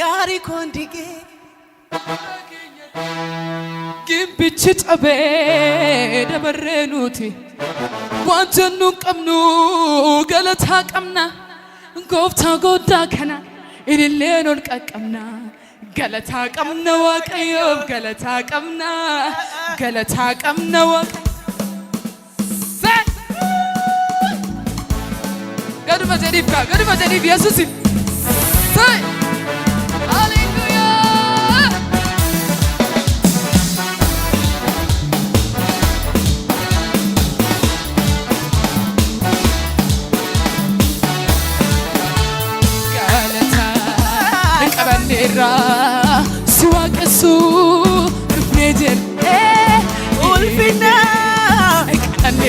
ያሪኮን ዲጌ ግንብች ጠቤ ደበሬኑቲ ዋንተኑ ቀምኑ ገለታ ቀምና ጎብታ ጎዳ ከና ኢንሌን ወልቀ ገለታ ቀምነ ዋቀዮብ ገለታ ቀምና ገለታ ቀምነ ዋቀ ገድመ ጀዲፍካ ገድመ ጀዲፍ የሱሲ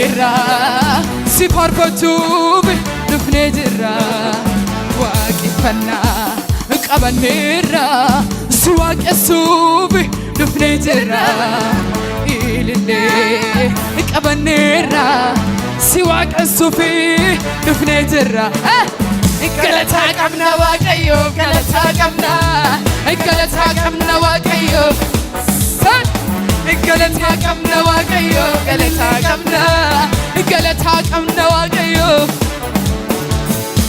irra si faarfachuuf dhufnee jirra waaqeffannaa qabanneerra si waaqessuuf dhufnee jirra ilillee qabanneerra si waaqessuuf dhufnee jirra. ገለታ ቀምና ዋቀዮ ገለታ ቀምና ገለታ ቀምና ዋቀዮ ገለታ ቀምነዋቀዮ ገለታ ቀምነ ገለታ ቀምነዋቀዮ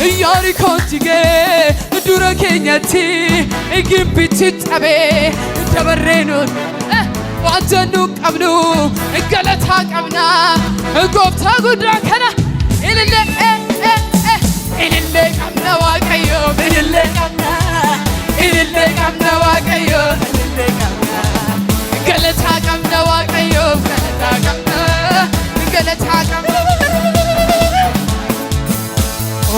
እያሪኮንቲጌ ዱረ ኬኛቲ ግንቢት ጠቤ ደበሬኑን ዋንተኑ ቀብኑ ገለታ ቀምና ጎብታ ጉዳ ከነ ኢልሌ ኢልሌ ቀምነዋቀዮ ኢልሌ ቀም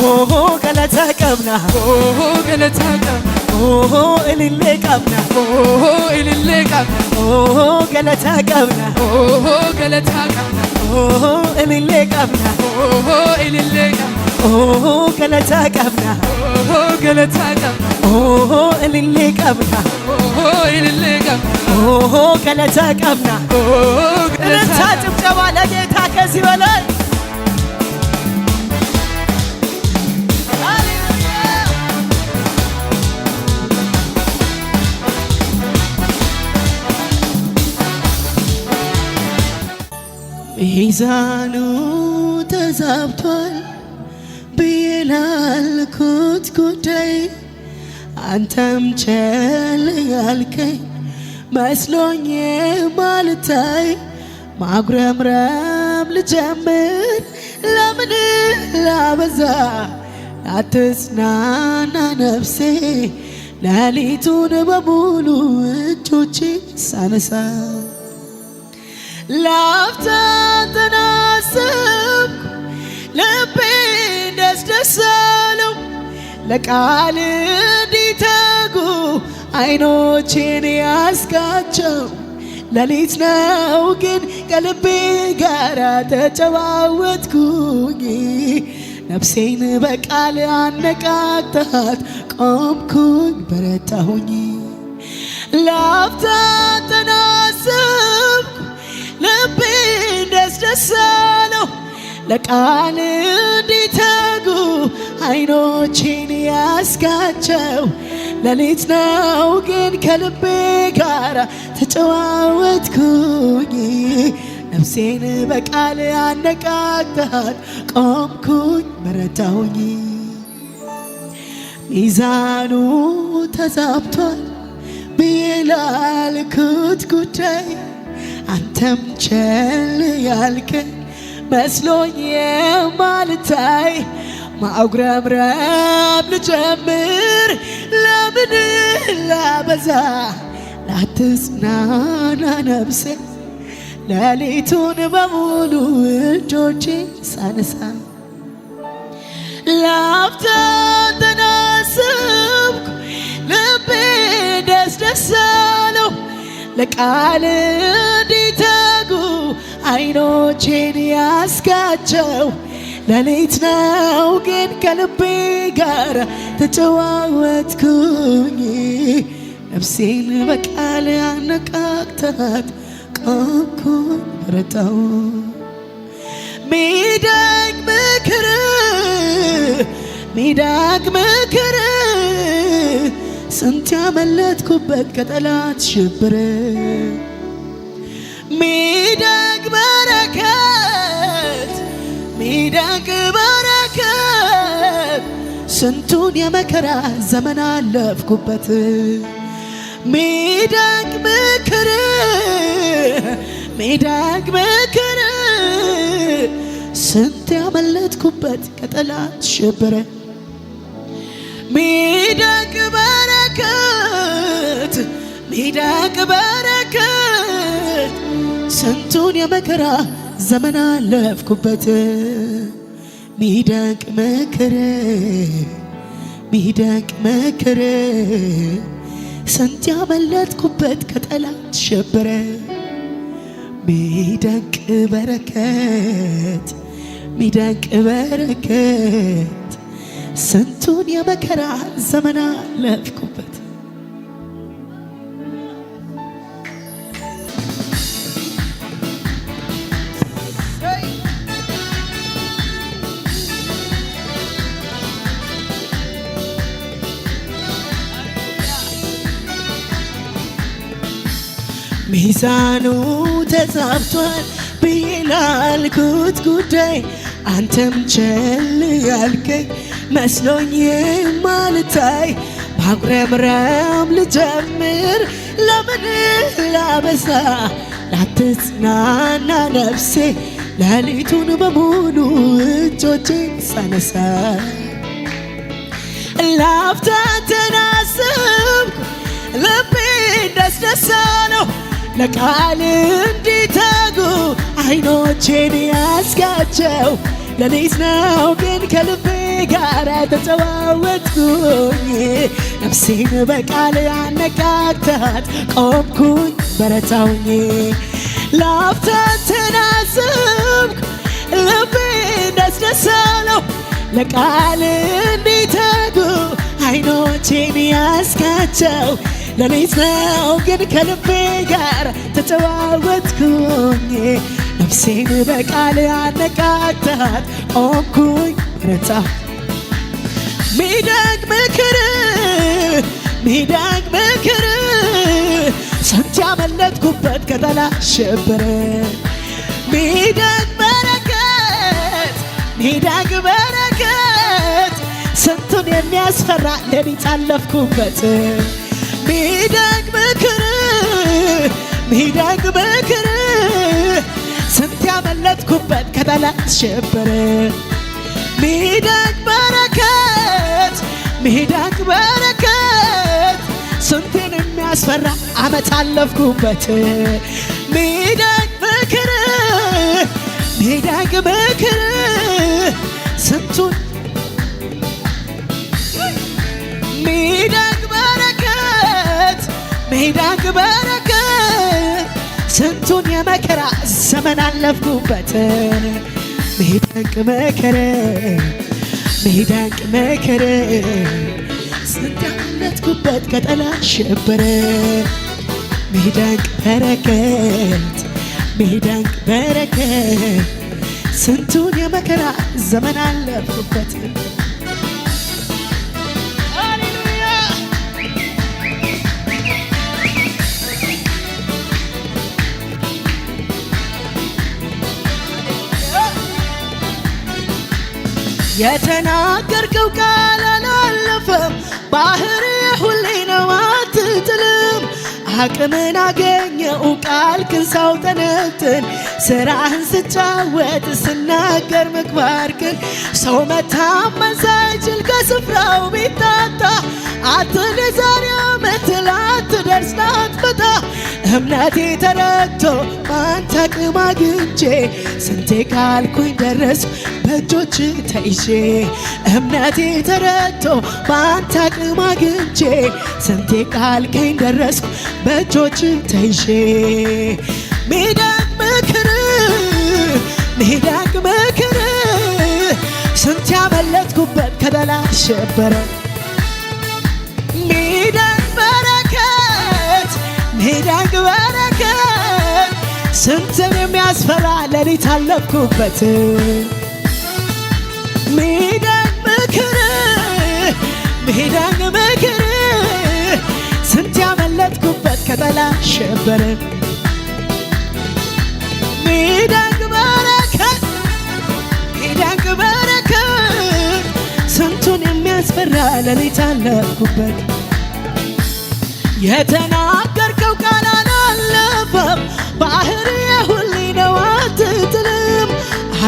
ኦሆ ገለታ ቀብና ኦሆ ገለታ ቀብና ኦሆ እልሌ ቀብና ኦሆ እልሌ ቀብና ኦሆ ገለታ ቀብና ኦሆ ገለታ ቀብና ኦሆ እልሌ ቀብና ኦሆ እልሌ ቀብና ኦሆ ገለታ ቀብና ኦሆ ገለታ ቀብና ኦሆ እልሌ ቀብና ኦሆ እልሌ ቀብና ኦሆ ገለታ ቀብና ኦሆ ገለታ ጭብጨባ ለጌታ ከዚህ በላይ ሚዛኑ ተዛብቷል ብዬ ላልኩት ጉዳይ አንተም ቸል ያልከኝ መስሎኝ ማልታይ ማጉረምረም ልጀምር ለምን ላበዛ ላትጽናና ነፍሴ ሌሊቱን በሙሉ እጆች ሳነሳ ላፍታ ተናሰብኩ ልቤ ደስ ለቃል እንዲተጉ አይኖቼን ያስጋቸው ለሊት ነው ግን ከልቤ ጋር ተጨዋወትኩኝ ነፍሴን በቃል አነቃታት ቆምኩኝ በረታሁኝ ላፍታ የተሳነው ለቃል እንዲተጉ አይኖቼን ያስጋቸው ሌሊት ነው ግን ከልቤ ጋር ተጨዋወትኩኝ። ነፍሴን በቃል አነቃቃት። ቆምኩኝ በረታውኝ። ሚዛኑ ተዛብቷል ብዬ ላልኩት ጉዳይ አንተም ቸል ያልክ መስሎኝ የማልታይ ማጉረምረም ልጀምር ለምን ላበዛ ላትጽናና ነፍሴ ሌሊቱን በሙሉ እጆቼ ሳነሳ ላፍታ ተናሰብኩ ልቤ ደስ ደስ ለቃል አይኖቼን ያስጋቸው ሌሊት ነው ግን ከልቤ ጋር ተጨዋወትኩኝ። ነፍሴን በቃል አነቃቅታት ቃንኩን ረታው ሚዳግ ምክር ሚዳግ ምክር ስንት ያመለጥኩበት ከጠላት ሽብር ሚዳ በረከት ሚደንቅ በረከት ስንቱን የመከራ ዘመን አለፍኩበት ሚደንቅ ምክር ሚደንቅ ምክር ስንት ያመለጥኩበት ከጠላት ሽብር ሚደንቅ በረከት ሚደንቅ በረከት ስንቱን የመከራ ዘመን አለፍኩበት ሚደንቅ ምክር ሚደንቅ ምክር ስንት ያመለጥኩበት ከጠላት ሸበረ ሚደንቅ በረከት ሚደንቅ በረከት ስንቱን የመከራ ዘመን አለፍኩበት ሚዛኑ ተዛብቷል ብዬ ላልኩት ጉዳይ አንተም ቸል ያልከኝ መስሎኝ ማልታይ ባጉረምረም ልጀምር ለምን ላበዛ ላትጽናና ነፍሴ ሌሊቱን በሙሉ እጆቼን ሳነሳ ላፍታ ተናሰብኩ ልቤ እንዳስነሳ ነው ለቃል እንዲተጉ አይኖቼን ያስጋቸው ለሊት ነው ግን ከልቤ ጋር ተጨዋወትኩኝ ነፍሴን በቃል ያነቃግታት ቆምኩኝ በረታውኝ ላፍታ ተናዘብኩ ልቤ እንዳስደሰለው ለቃል እንዲተጉ አይኖቼን ያስጋቸው ለኔት ነው ግን ከልቤ ጋር ተጨዋወትኩኝ ነፍሴን በቃል ያነቃታት ቆምኩኝ ረታ ሚዳግ ምክር ሚዳግ ምክር ሰንት ያመለጥኩበት ቀጠላ ሸበረ ሚዳግ በረከት ሚዳግ በረከት ስንቱን የሚያስፈራ ለኔት አለፍኩበት ሚደግ ምክር ሚደግ ምክር ስንት ያመለጥኩበት ከጠላት ሸበረ ሚደግ በረከት ሚደግ በረከት ስንቴን የሚያስፈራ አመት አለፍኩበት ሚደግ ምክር ሚደግ ምክር ስንቱን ሚደ ሜዳ ክበረከት ስንቱን የመከራ ዘመን አለፍኩበት ሜዳቅ መከረ ሜዳቅ መከረ ስንታለትኩበት ከጠላ ሸበረ ሜዳቅ በረከት ሜዳቅ በረከት ስንቱን የመከራ ዘመን አለፍኩበት የተናገርከው ቃል አላለፈም። ባህር ሁሌ ነው አትጥልም። አቅምን አገኘው ቃል ክንሳው ተነትን ስራህን ስጫወት ስናገር ምግባር ግን ሰው መታመን ሳይችል ከስፍራው ቢታጣ አትልዛሬ መትላት ትደርስ በታ እምነቴ ተረቶ ባንተ አቅም አግኝቼ ስንቴ ካልኩኝ ደረስ በእጆች ተይዤ እምነቴ ተረቶ ባንተ አቅም አግኝቼ ስንቴ ካልከኝ ደረስ በእጆች ተይዤ ሚደንቅ ምክር ሚደንቅ ምክር ስንት ያመለጥኩበት ከደላ ሸበረ ስንትን የሚያስፈራ ሌሊት አለፍኩበት ሚደን ምክር ሚደን ምክር ስንት ያመለጥኩበት ከጠላ ሸበር ሚደንግ በረከት ሚደንግ በረከት ስንቱን የሚያስፈራ ሌሊት አለፍኩበት የተናገርከው ቃል አላለፈም ባህር ነው ትትልም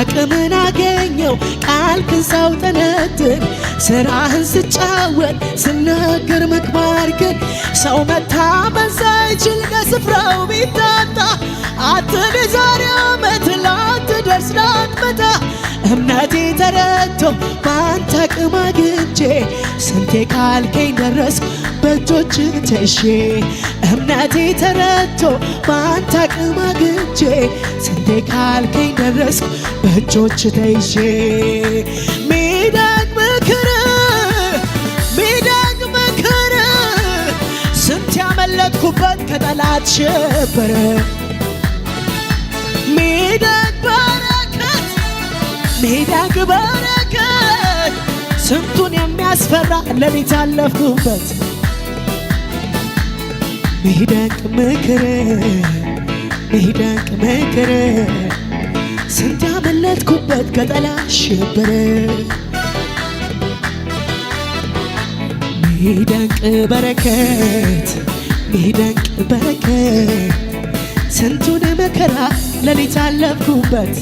አቅምን አገኘው ቃል ክንሳው ጠነትን ስራህን ስጫወት ስናገር ምግባር ግን ሰው መታመን ሳይችል ከስፍራው ቢታጣ አትድ ዛሬ ዓመት ላትደርስ ላትመጣ እምነቴ ተረቶ በአንተ አቅም ወዳጄ ስንቴ ካልከኝ ደረስክ በእጆች ተሼ እምነቴ ተረቶ በአንተ አቅም አግቼ ስንቴ ካልከኝ ደረስክ በእጆች ተይዤ ሚዳግ መከረ ሚዳግ መከረ ስንት ያመለጥኩበት ከጠላት ሸበረ ሚዳግ በረከት ሚዳግ በ ስንቱን የሚያስፈራ ሌሊት አለፍኩበት ሚደንቅ ምክር ሚደንቅ ምክር ስንት ያመለጥኩበት ከጠላ ሽብር ሚደንቅ በረከት ሚደንቅ በረከት ስንቱን መከራ ሌሊት አለፍኩበት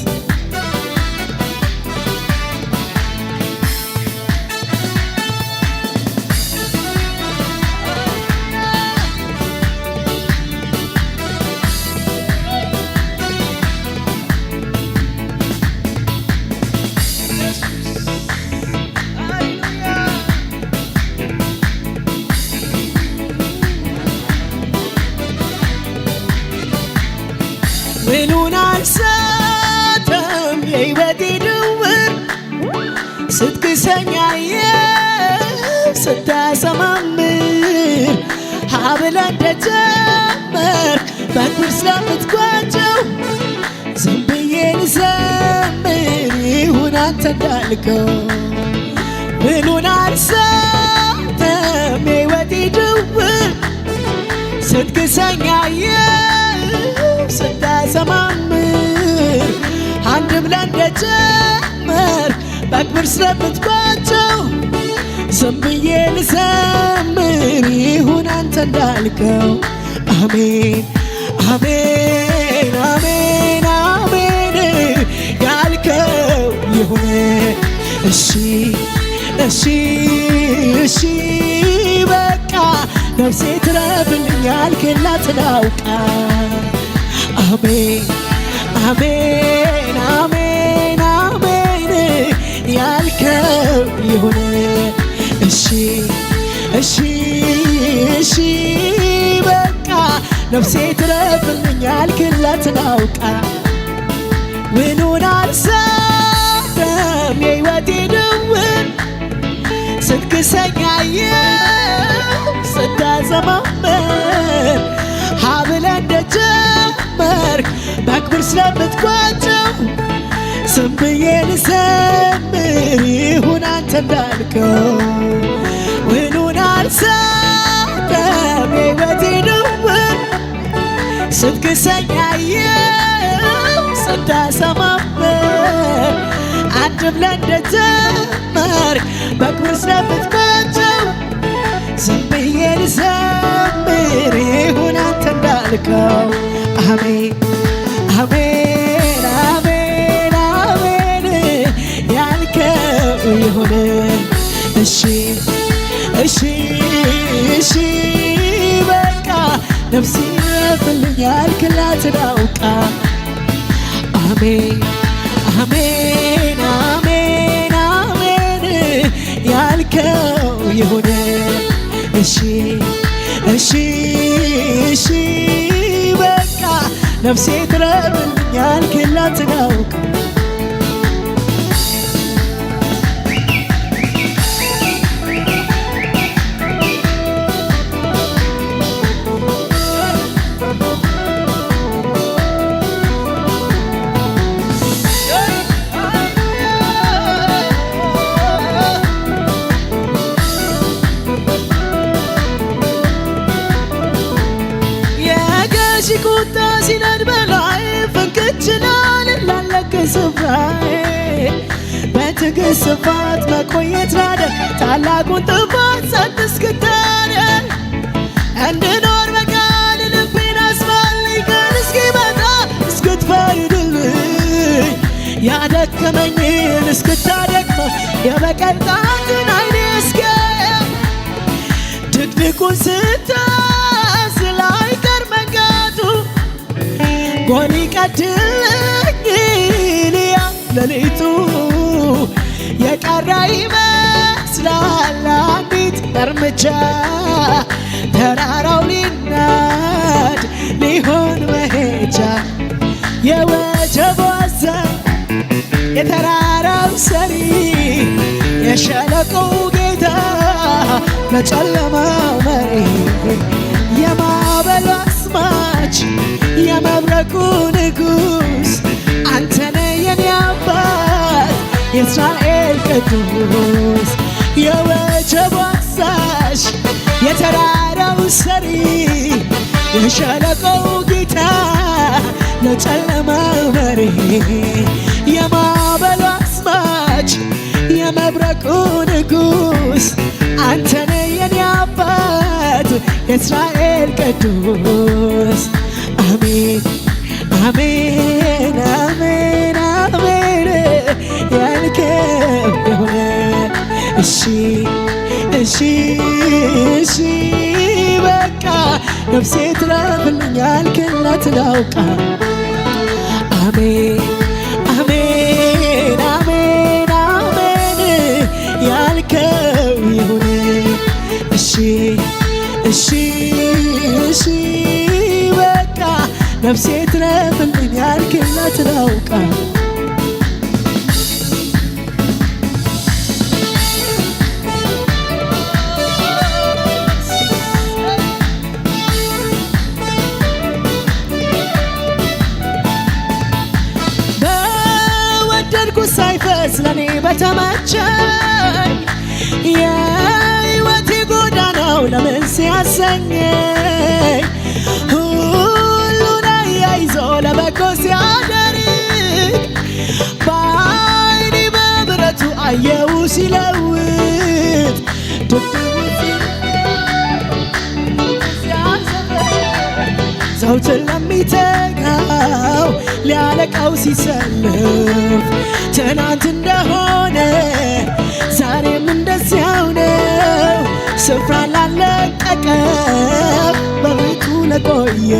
ብለ እንደጀመር በክብር ስለምትጓጀው ዝም ብዬ ልዘምር ይሁን አንተ እንዳልከው ምኑን አልሰማም የሕይወቴ ድውር ስትክሰኝ አየሁ ስታሰማምር አንድ ብለ እንደጀመር በክብር ስለምትጓጀው ዝም ብዬ ልዘምር ግን ይሁን አንተ እንዳልከው። አሜን አሜን አሜን አሜን ያልከው ይሁን። እሺ እሺ እሺ በቃ ነፍሴ አሜን አሜን አሜን ነፍሴ ትረፍልኛል ክለትን አውቃ ውኑን አልሰደም የሕይወቴ ድውር ስትክሰኛየ ስታዘማመር ሀብለ እንደጀመርክ በክብር ስለምትቋጨው ዝም ብዬ ይሁን አንተ እንዳልከው ውኑን አልሰደም የሕይወቴ ድውር ስትክሰኛየው ስታሰማበት አንድ ብለህ እንደተማርክ በክብር ስለምትቆጨው ዝም ልዘምር ይሁን አንተ እንዳልከው አሜን አሜን አሜን አሜን ያልከው ይሁን እሺ እሺ እሺ በቃ ነፍሴ አልፎልኛል ክላትን አውቃ አሜን አሜን አሜን አሜን ያልከው የሆነ እሺ እሺ እሺ በቃ ነፍሴ ትረብኛል ክላትን አውቃ በትዕግስት ስፋት መቆየት ናደር ታላቁን ጥፋት ጸጥ እስክታደር እንድኖር በቃል ልቤን አስፋልኝ ቀን እስኪመጣ እስክትፈርድልኝ ያደከመኝን እስክታደክመው የበቀል ጣትን አይኔ እስኪያየው ድቅድቁን ስታስል አይቀር መንጋቱ ጎል ይቀድልኝ ሌሊቱ የቀረ ይመስላል አንዲት እርምጃ ተራራው ሊናድ ሊሆን መሄጃ የወጀብ ወሰን የተራራው ሰሪ የሸለቆው ጌታ በጨለማው መሪ የማዕበሉ አስማች የመብረቁ ንጉሥ ሚካኤል ቅዱስ የወጀብ አዛዥ የተራራው ሰሪ የሸለቆው ጌታ ለጨለማ መሪ የማዕበሉ አስማች የመብረቁ ንጉስ አንተነ የኔ አባት የእስራኤል ቅዱስ እሺ እሺ እሺ በቃ ነፍሴ ትረፍልኝ ያልክለት ላውቃ አሜን አሜን አሜን አሜን ያልከው ይሁን እሺ እሺ እሺ በቃ ነፍሴ ትረፍልኝ ያልክለት ላውቃ ተመቸኝ የሕይወቴ ጎዳናው ለምን ሲያሰኘኝ ሁሉን አያይዞ ለበጎ ሲያደርግ በዓይኔ በብረቱ አየው ሲለው ሰውትን ለሚተጋው ሊያለቃው ሲሰልፍ ትናንት እንደሆነ ዛሬም እንደዚያው ነው። ስፍራ ላለቀቀ በቤቱ ለቆየ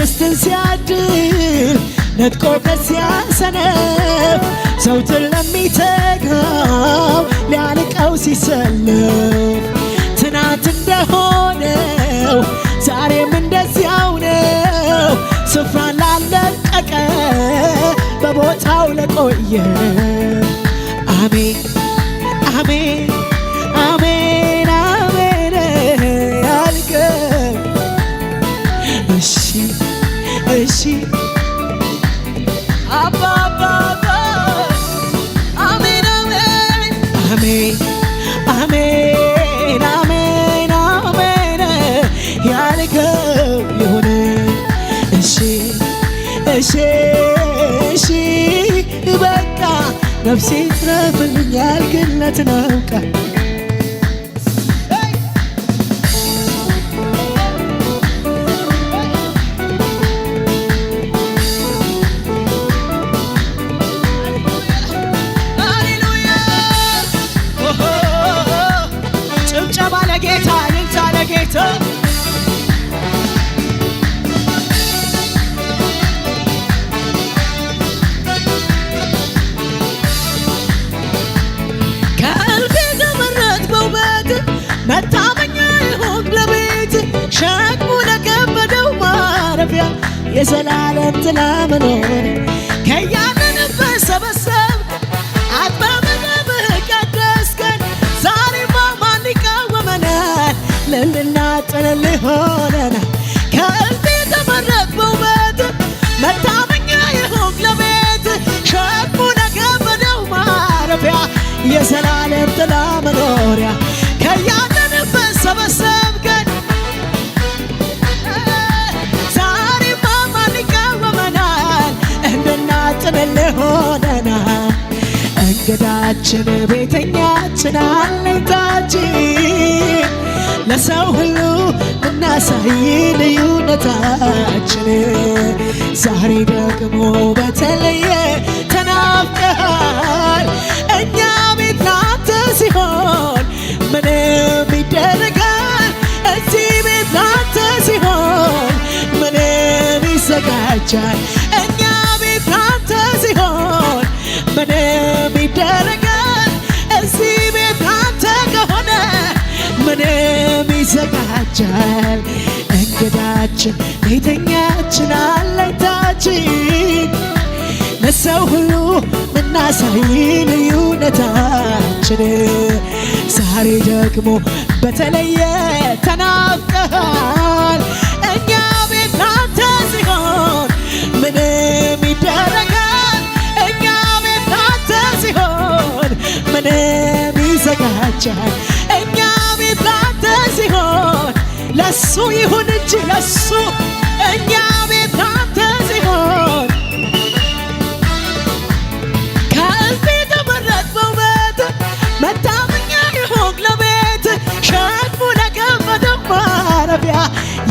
ርስትን ሲያድል ነጥቆ ሲያሰነፍ ሰውትን ለሚተጋው ሊያለቃው ሲሰልፍ ትናንት እንደሆነው ዛሬም እንደዚያው ነው። ስፍራ ላለቀቀ በቦታው ለቆየ አሜን አሜን ነፍሴ ትረፍልኛል ግለት ነው ቃል ጭብጨባ ለጌታ፣ እልልታ ለጌታ የዘላለም ጥላ መኖር ከያለንበት ሰበሰብ አጥበብነ በቀደስከን ዛሬማ ማን ይቃወመናል? ልዕልና ጥልል ሆነና ከእልፍ የተመረጥ መታመኛ የሆንክ ለቤት ሸክሙ ማረፊያ የዘላለም ጥላ መኖሪያ ከያለንበት ሰበሰብ ምን ሆነና እንግዳችን ቤተኛችን አለኝታችን ለሰው ሁሉ እናሳይ ልዩነታችን ዛሬ ደግሞ በተለየ ተናፍቀሃል እኛ ቤት ላንተ ሲሆን ምንም ይደረጋል እዚህ ቤት ላንተ ሲሆን ምንም ይዘጋጃል ምንም ይደረጋል እዚህ ቤት አንተ ከሆነ ምንም ይዘጋጃል። እንግዳችን ቤተኛችን አለኝታችን ለሰው ሁሉ ምናሳይ ልዩነታችን ዛሬ ደግሞ በተለየ ለሱ ይሁን እንጂ ለሱ እኛ ቤት አንተ ሲሆን ከዚህ ተመረጥነው ቤት መታመኛ ይሆን ለቤት ሸክሙ ለገመተው ማረፊያ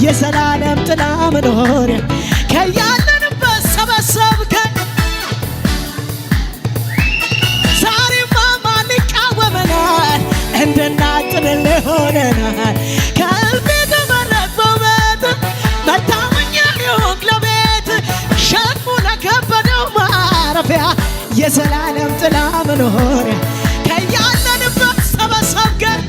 የዘላለም ጥላ መኖሪያ ከያለንበት ሰበሰብከን ዛሬማ ማን ይቃወመናል? እንድናጥንልህ ሆነናል መኖሪያ የዘላለም ጥላ መኖሪያ ከያለንበት ሰበሰብ ገር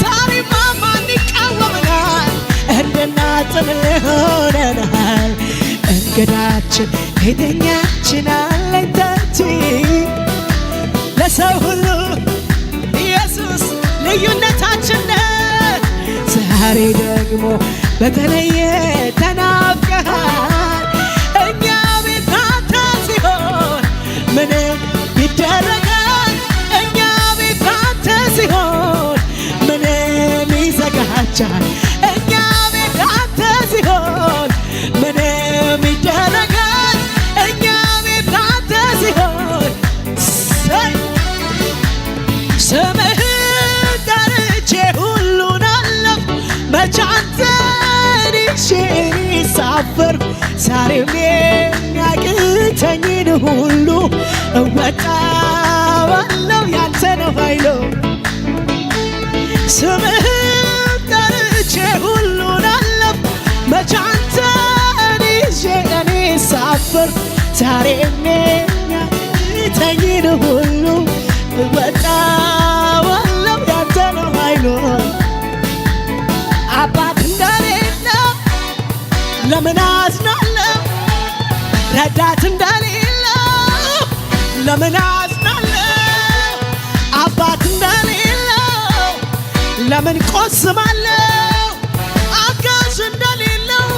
ዛሬማ ማን ይቃወመናል? እንድና ጥል ሆነናል። እንግዳችን ሄደኛችን አለኝታችን ለሰው ሁሉ ኢየሱስ ልዩነታችን ዛሬ ደግሞ በተለየ ሲሆን ምንም ይዘጋጃል። እኛ ቤት አንተ ሲሆን ምንም ይደረጋል። እኛ ቤት አንተ ሲሆን ስምህን ጠርቼ ሁሉን አለፍ መቼ አንተን ሳፈር ዛሬም የሚያቅተኝን ሁሉ እወጣ ስምህን ጠርቼ ሁሉን አለፍ መቻንተን ይዤ እኔ ሳፍር ዛሬ የሚያቅተኝን ሁሉ እወጣዋለሁ ያንተ ነው ኃይሉ አባት እንደሌለ ለምን አዝናለሁ ረዳት እንደሌለ ለምን ለምን ቆስማለው አጋዥ እንደሌለው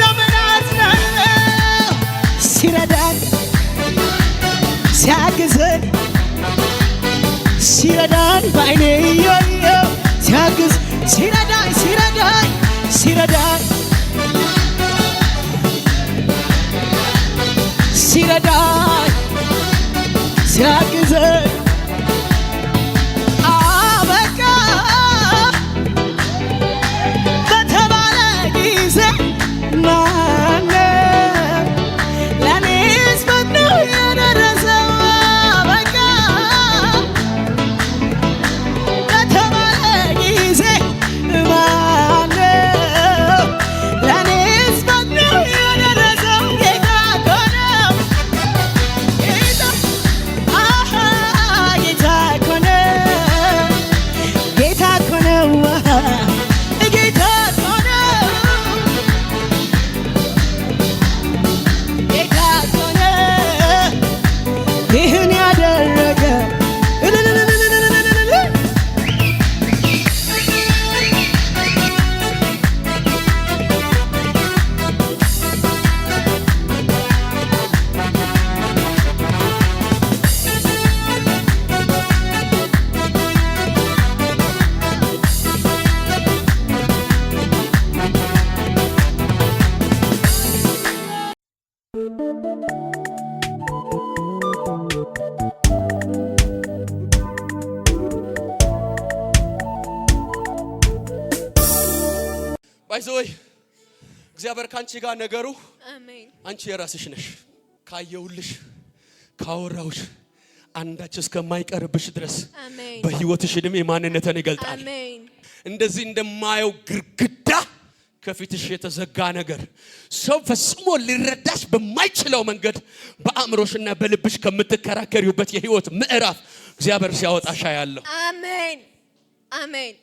ለምን አዝናለው ሲረዳን ሲያግዘን ሲረዳን በአይኔ ሲያግዝ ሲረዳኝ ሲረዳኝ ሲረዳኝ ከአንቺ ጋር ነገሩ። አንቺ የራስሽ ነሽ። ካየውልሽ ካወራውሽ አንዳች እስከማይቀርብሽ ድረስ በህይወትሽ ዕድሜ ማንነትን ይገልጣል። እንደዚህ እንደማየው ግርግዳ ከፊትሽ የተዘጋ ነገር ሰው ፈጽሞ ሊረዳሽ በማይችለው መንገድ በአእምሮሽና በልብሽ ከምትከራከሪበት የህይወት ምዕራፍ እግዚአብሔር ሲያወጣሻ ያለው አሜን አሜን።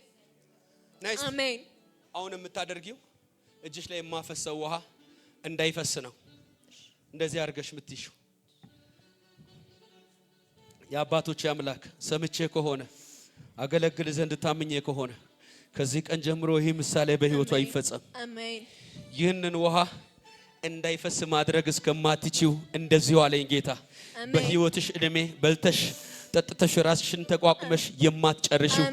አሁን የምታደርጊው እጅሽ ላይ የማፈሰው ውሃ እንዳይፈስ ነው። እንደዚህ አድርገሽ የምትይሽው የአባቶች አምላክ ሰምቼ ከሆነ አገለግል ዘንድ ታምኜ ከሆነ ከዚህ ቀን ጀምሮ ይህ ምሳሌ በህይወቱ አይፈጸም። ይህንን ውሃ እንዳይፈስ ማድረግ እስከማትችው እንደዚሁ አለኝ ጌታ። በህይወትሽ እድሜ በልተሽ ጠጥተሽ ራስሽን ተቋቁመሽ የማትጨርሽው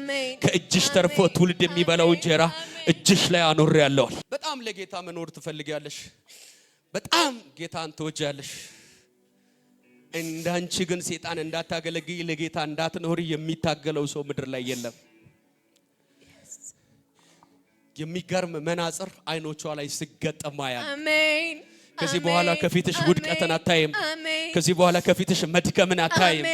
ከእጅሽ ተርፎ ትውልድ የሚበላው እንጀራ እጅሽ ላይ አኖር ያለዋል። በጣም ለጌታ መኖር ትፈልጊያለሽ። በጣም ጌታን ትወጃለሽ። እንዳንቺ ግን ሴጣን እንዳታገለግይ ለጌታ እንዳትኖሪ የሚታገለው ሰው ምድር ላይ የለም። የሚገርም መናጽር አይኖቿ ላይ ስገጠማ ያ አሜን። ከዚህ በኋላ ከፊትሽ ውድቀትን አታይም። ከዚህ በኋላ ከፊትሽ መድከምን አታይም።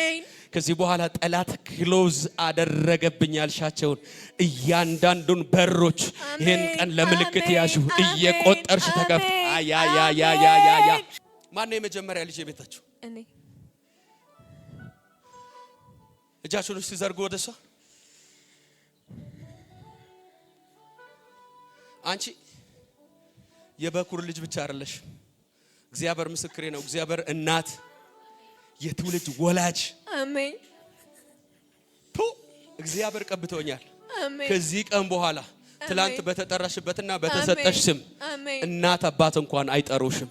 ከዚህ በኋላ ጠላት ክሎዝ አደረገብኝ ያልሻቸውን እያንዳንዱን በሮች ይህን ቀን ለምልክት ያሹ እየቆጠርሽ ተከፍት። ያያያያያያ ማነው የመጀመሪያ ልጅ የቤታችሁ? እጃችሁን ሲዘርጉ ወደ እሷ አንቺ የበኩር ልጅ ብቻ አይደለሽ። እግዚአብሔር ምስክሬ ነው። እግዚአብሔር እናት የትውልድ ወላጅ አሜን። እግዚአብሔር ቀብቶኛል። ከዚህ ቀን በኋላ ትላንት በተጠራሽበትና በተሰጠሽ ስም እናት አባት እንኳን አይጠሩሽም።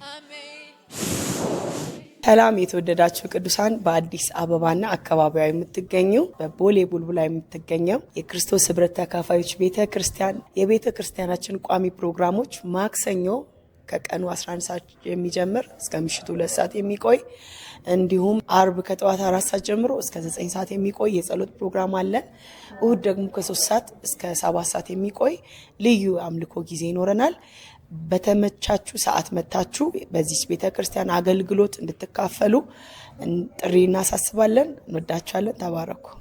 ሰላም የተወደዳችሁ ቅዱሳን፣ በአዲስ አበባና አካባቢዋ የምትገኙ በቦሌ ቡልቡላ የምትገኘው የክርስቶስ ህብረት ተካፋዮች ቤተ ክርስቲያን የቤተ ክርስቲያናችን ቋሚ ፕሮግራሞች ማክሰኞ ከቀኑ 11 ሰዓት የሚጀምር እስከ ምሽቱ ሁለት ሰዓት የሚቆይ እንዲሁም አርብ ከጠዋት አራት ሰዓት ጀምሮ እስከ ዘጠኝ ሰዓት የሚቆይ የጸሎት ፕሮግራም አለን። እሁድ ደግሞ ከሶስት ሰዓት እስከ ሰባት ሰዓት የሚቆይ ልዩ አምልኮ ጊዜ ይኖረናል። በተመቻችሁ ሰዓት መታችሁ በዚች ቤተ ክርስቲያን አገልግሎት እንድትካፈሉ ጥሪ እናሳስባለን። እንወዳችኋለን። ተባረኩ።